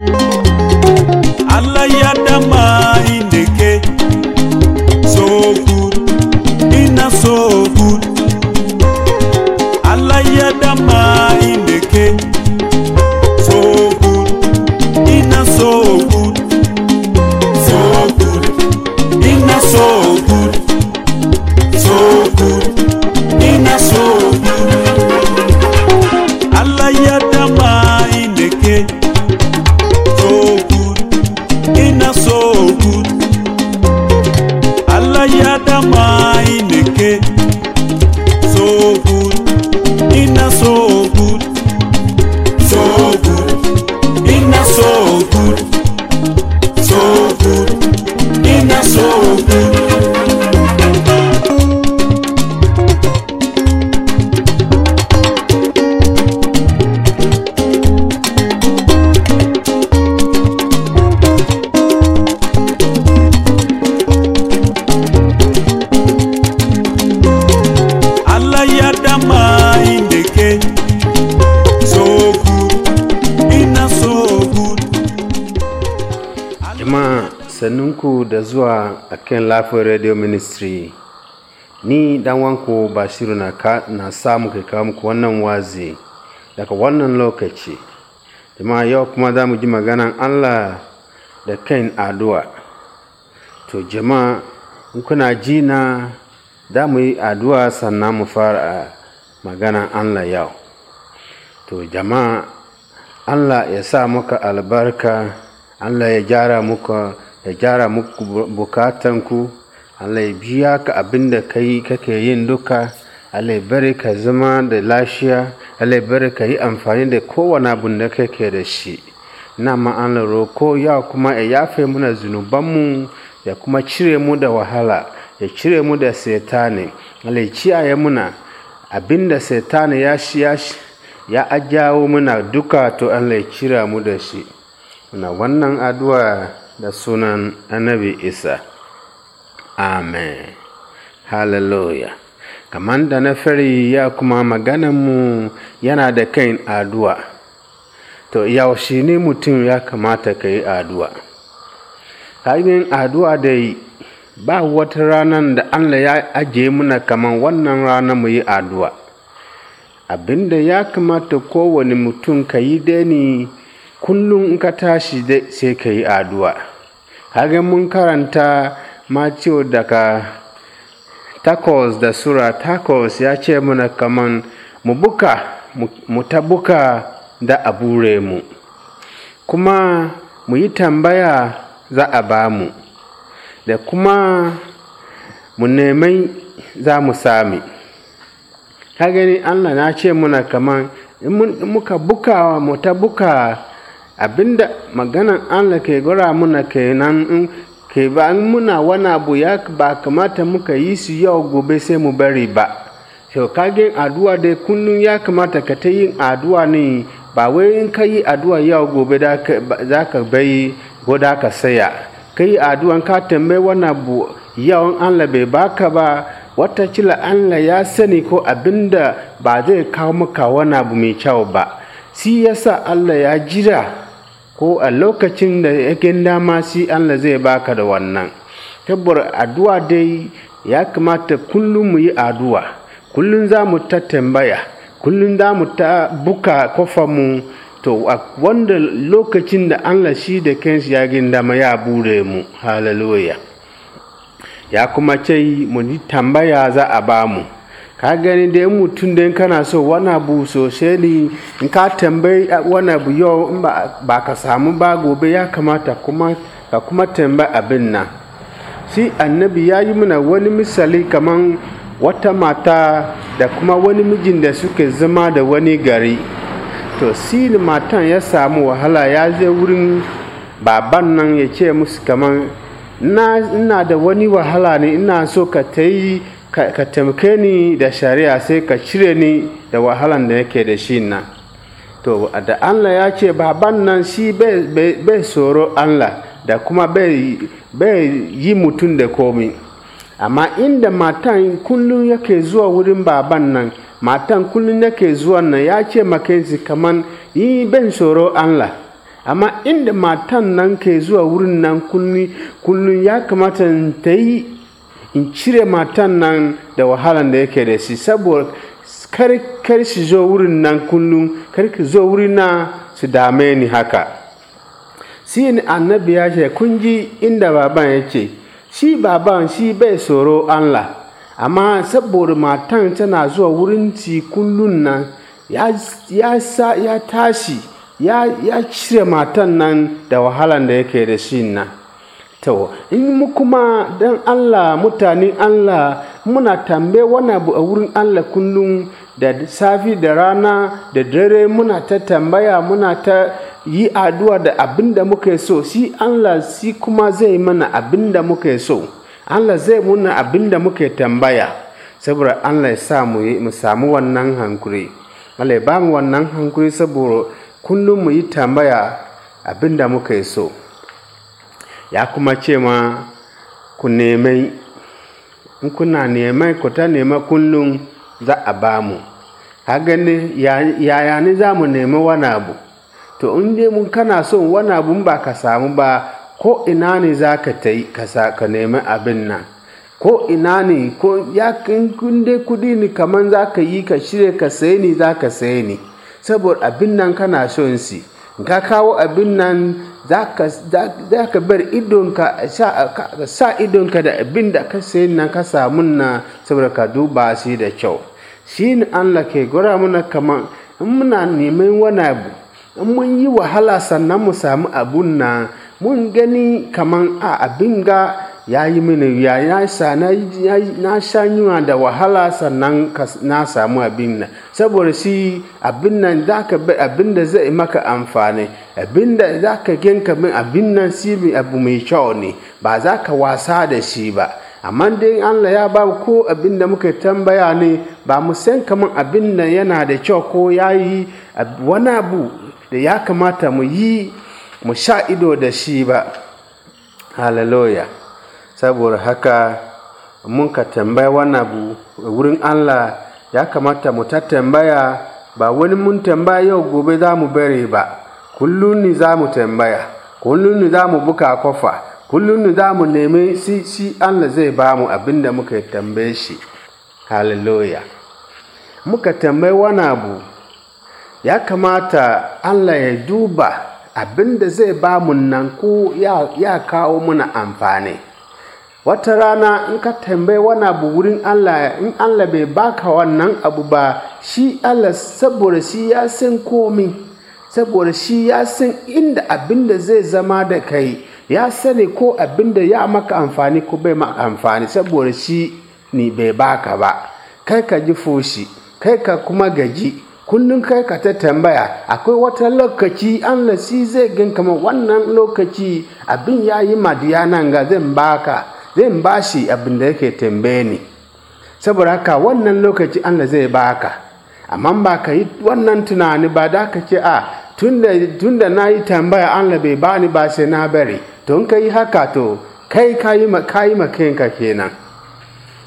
you zuwa akan lafin Radio Ministry. Ni dan Bashiru na, ka, na samu kai kawo muku wannan wazi daga wannan lokaci. Jama'a yau kuma za mu ji maganan Allah da kan addu'a. To jama'a in kuna ji na za mu yi addu'a sannan mu fara maganan Allah yau. To jama'a Allah ya sa muka albarka, Allah ya gyara muka ya gyara muku bukatanku Allah ya biya ka abin da ka kake yin duka Allah ya bari ka zama da lashiya Allah ya bari ka yi amfani da kowane abin da kake da shi na ma'anar roko ya kuma ya yafe muna zunubanmu ya kuma cire mu da wahala ya cire mu da setani Allah ya ciyaye muna abin da ya shi ya ajawo muna duka to Allah ya cira mu da shi Na wannan addu'a da sunan annabi isa amen hallelujah kamar da na fari ya kuma mu yana da kain addu'a to yaushe ne mutum ya kamata ka yi addu'a hanyar addu'a da ba wata ranar da allah ya ajiye muna kamar wannan ranar mu yi addu'a abinda ya kamata kowane mutum ka yi dani kullum in ka tashi sai ka yi addu'a hagen mun karanta Matthew daga takos da sura takos ya ce muna kaman mu buka mu ta buka da abure mu kuma mu yi tambaya za a ba mu da kuma mu neman za mu sami ka gani allah na ce muna kaman in muka bukawa mu ta buka abinda maganan allah ke gura muna kenan mm, ke ba muna wani abu ya ba kamata muka yi su yau gobe sai mu bari ba so kagen addu'a dai ya kamata ka ta yin addu'a ne ba wai in ka yi addu'a yau gobe za ka bai ko da ka saya ka yi addu'a ka tambayi wani abu yawan allah bai baka ba wata cila allah ya sani ko abinda ba zai kawo maka wani abu mai kyau ba si yasa allah ya jira ko a lokacin da yake dama shi Allah zai baka da wannan tabbar addu'a dai ya kamata kullum mu yi addu'a kullum za mu ta tambaya kullum za mu ta buka mu to a wanda lokacin da Allah shi da kens ya dama ya bure mu hallelujah ya kuma ce mu yi tambaya za a ba mu ka gani da yin mutum da kana so wani abu sosai ne in ka tambayi eh, wani abu yau ba ka samu ba gobe ya kamata ka kuma tamba abin nan si annabi ya yi mana wani misali kaman wata mata da kuma wani mijin da suke zama da wani gari to si matan ya samu wahala ya je wurin baban nan ya ce musu kaman ina da wani wahala ne ina so ka ta yi ka taimake ni da shari'a sai ka cire ni da wahalan da yake da shi nan to da allah ya ce baban nan shi bai tsoro allah da kuma bai yi mutum da komi amma inda matan kullum yake zuwa wurin baban nan matan kullum yake zuwa nan ya ce makensi kaman yi ban tsoro allah amma inda matan nan ke zuwa wurin nan kullum ya kamata ta yi in cire matan nan da wahalan da yake da shi saboda kar shi zo wurin nan kullum kar ki zo wurin na su dame ni haka shi ne annabi ya ce kun ji inda baban ya ce shi baban shi bai tsoro Allah amma saboda matan tana zuwa wurin ci kullum nan ya tashi ya cire matan nan da wahalan da yake da shi nan to in mu kuma dan Allah mutanen Allah muna tambe wani abu a wurin Allah kullum da safi da rana da dare muna ta tambaya muna ta yi addu'a da abin da muka so si Allah si kuma zai mana abin da muka so Allah zai muna abin da muka tambaya saboda Allah ya sa mu samu wannan hankuri Allah ya ba mu wannan hankuri saboda kullum mu yi tambaya abin da muka so ya kuma ce ma ku nemi in kuna neman ku ta nema kullum za a ba mu gani yaya ne za mu nemi wani abu to in dai mun kana son wani abu ba ka samu ba ko ina ne za ka ta yi ka nemi abin nan ko ina ne ko ya kunde kudi ne kamar za ka yi ka shirya ka sayi ni za ka sayi ni saboda abin nan kana son si ka kawo abin nan za ka bar idonka ka sa idonka da abin da ka sayi nan ka samu na saboda ka duba shi da kyau shi ne Allah ke gura muna in muna neman wani abu in mun yi wahala sannan mu samu abun na mun gani kaman a abin ga ya yi mini wuya na sa na sha yunwa da wahala sannan na samu abin nan saboda shi abin nan abin da zai maka amfani abin da za ka ginka min abin nan si abu mai kyau ne ba za ka wasa da shi ba amma dai Allah ya ba ko abin da muka tambaya ne ba mu san kamar abin nan yana da kyau ko ya yi wani abu da ya kamata mu yi mu sha ido da shi ba hallelujah saboda haka mun ka tambaya wannan abu wurin allah ya kamata mu ta tambaya ba wani mun tambaya yau gobe za mu bare ba kullum ni za mu tambaya kullum ni za mu buka kofa kullum ni za mu nemi si si allah zai ba mu abin da muka tambaye shi hallelujah muka tambayi wani abu ya kamata allah ya duba abin da zai ba mu nan ko ya kawo muna amfani wata rana in ka tambayi wani abu wurin Allah in Allah bai baka wannan abu ba shi Allah saboda shi ya san komi saboda shi ya san inda abin da zai zama da kai ya sani ko abin da ya maka amfani ko bai maka amfani saboda shi ni bai baka ba kai ka ji foshi kai ka kuma gaji kullum kai ka ta tambaya akwai wata lokaci Allah shi zai gan kama wannan lokaci abin ya yi madiyanan ga zan baka zan ba shi abin da yake tambaye ni saboda haka wannan lokaci Allah zai baka amma ba ka yi wannan tunani ba da ka ce ah, a tun da na yi tambaya Allah bai bani ba sai na bari don ka yi haka to kai ka yi makinka kenan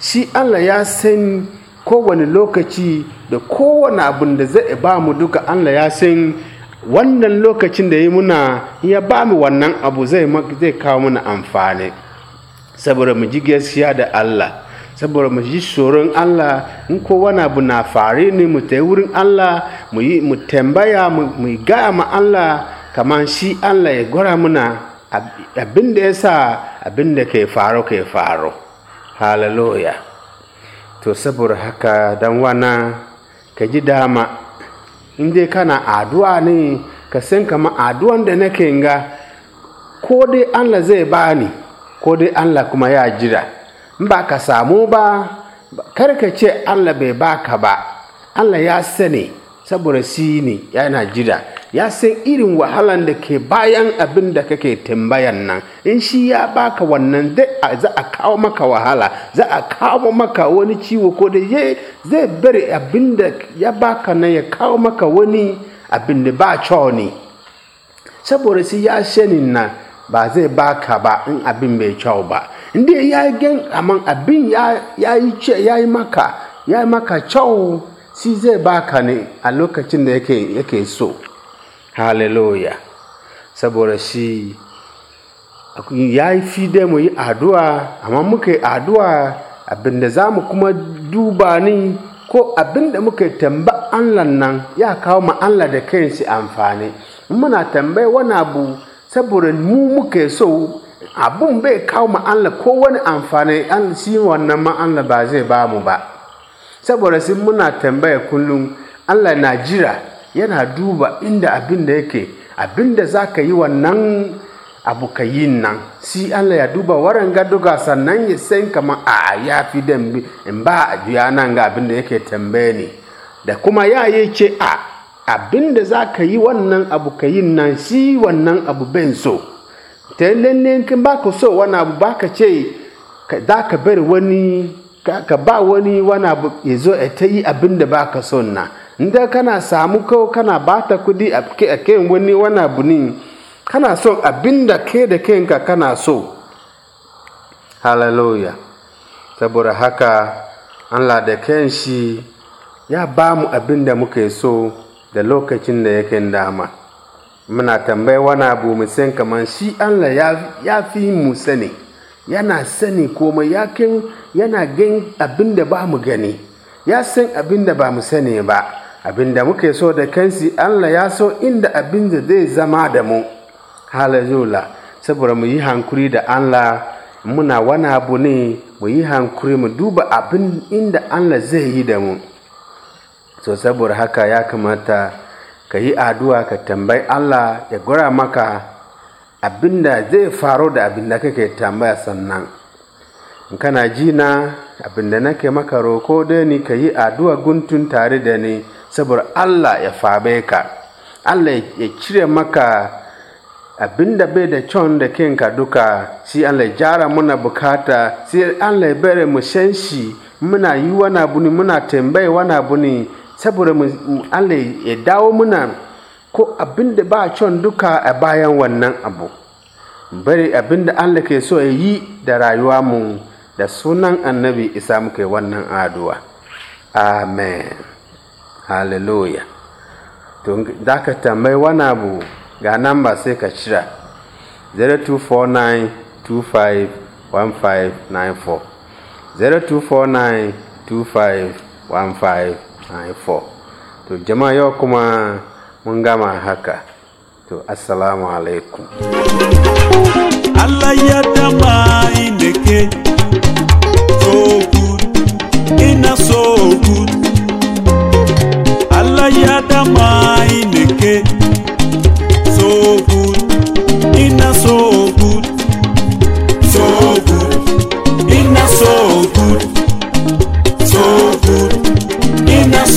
shi Allah ya san kowane lokaci da kowane abin da zai ba mu duka Allah ya san wannan lokacin da ya muna ya ba mu wannan abu zai kawo muna amfani. saboda mu ji gaskiya da Allah saboda mu ji tsoron Allah in ko wani abu na fare ne mu tayi wurin Allah mu yi mu tambaya mu ga ma Allah kamar shi Allah ya gwara muna abin da ya sa abin da ke faro ke faro hallelujah to saboda haka dan wana ka ji dama in dai kana addu'a ne ka san kamar addu'an da nake ga ko dai Allah zai bani ko dai Allah kuma ya jira in ba ka samu ba kar ka ce Allah bai baka ba Allah ya sani saboda shi ne yana jira ya san irin wahalan da ke bayan abin da kake tambayan nan in shi ya baka wannan dai za a kawo maka wahala za a kawo maka wani ciwo ko da zai bari abin da ya baka nan ya kawo maka wani abin da ba ne saboda shi ya shani nan ba zai baka ba in abin mai kyau ba inda ya gen amma abin ya yi maka ya yi maka kyau si zai baka ne a lokacin da yake so hallelujah saboda shi ya yi fi da mu yi addu'a amma muka yi addu'a abinda za mu kuma duba ni ko abinda muka tamba Allah nan ya kawo ma Allah da kansa amfani muna tambaye wani abu saboda mu muke so abun bai kawo ma Allah ko wani amfani an shi wannan ma ba zai ba mu ba saboda sun muna tambaya kullum Allah na jira yana duba inda abin da yake abin da za ka yi wannan abu ka yi nan si Allah ya duba waran gaduga sannan ya san kama a ya fi da in ba a juya nan ga abin da yake tambaya ne da kuma ya yi a abinda za ka yi wannan abu ka yi nan shi wannan abu ben so ta lalle kin ba ka so wani abu ba ka ce za ka bari wani ka ba wani wani abu ya zo a ta yi abinda ba ka so na inda kana samu ko kana ba ta kudi a kan wani wani abu ne kana so abinda ke da kanka kana so hallelujah saboda haka Allah da kanshi ya ba mu abinda muka so da lokacin da yake dama muna tambayi wani abu mu kamar shi Allah ya fi mu sani yana sani komai ya yana gan abin ba mu gani ya san abin ba mu sani ba abinda da muke so da kansi Allah ya so inda abin zai zama da mu hallelujah saboda mu yi hankuri da Allah muna wani abu ne mu yi hankuri mu duba abin inda Allah zai yi da mu so saboda haka ya kamata ka yi aduwa ka tambayi Allah ya gura maka abinda zai faru da abinda kake tambaya sannan in kana ji na abinda nake maka roko da ni ka yi aduwa guntun tare da ni saboda Allah ya fabe ka Allah ya cire maka abinda bai da kyon da kinka duka shi Allah ya jara muna bukata sai Allah ya bere mu shanshi muna yi wani abu ne muna tambaye wani abu ne saboda Allah ya dawo muna ko abinda ba kyan duka a bayan wannan abu bari abinda Allah ke so ya yi da rayuwa mu da sunan annabi isa muka yi wannan aduwa amen hallelujah to za ka tambayi wani abu ga nan ba sai ka cira 0249251594 02492515 to jama'a yau kuma mun gama haka to assalamu alaikum Allah ya dama ineke so good ina so good Allah ya dama so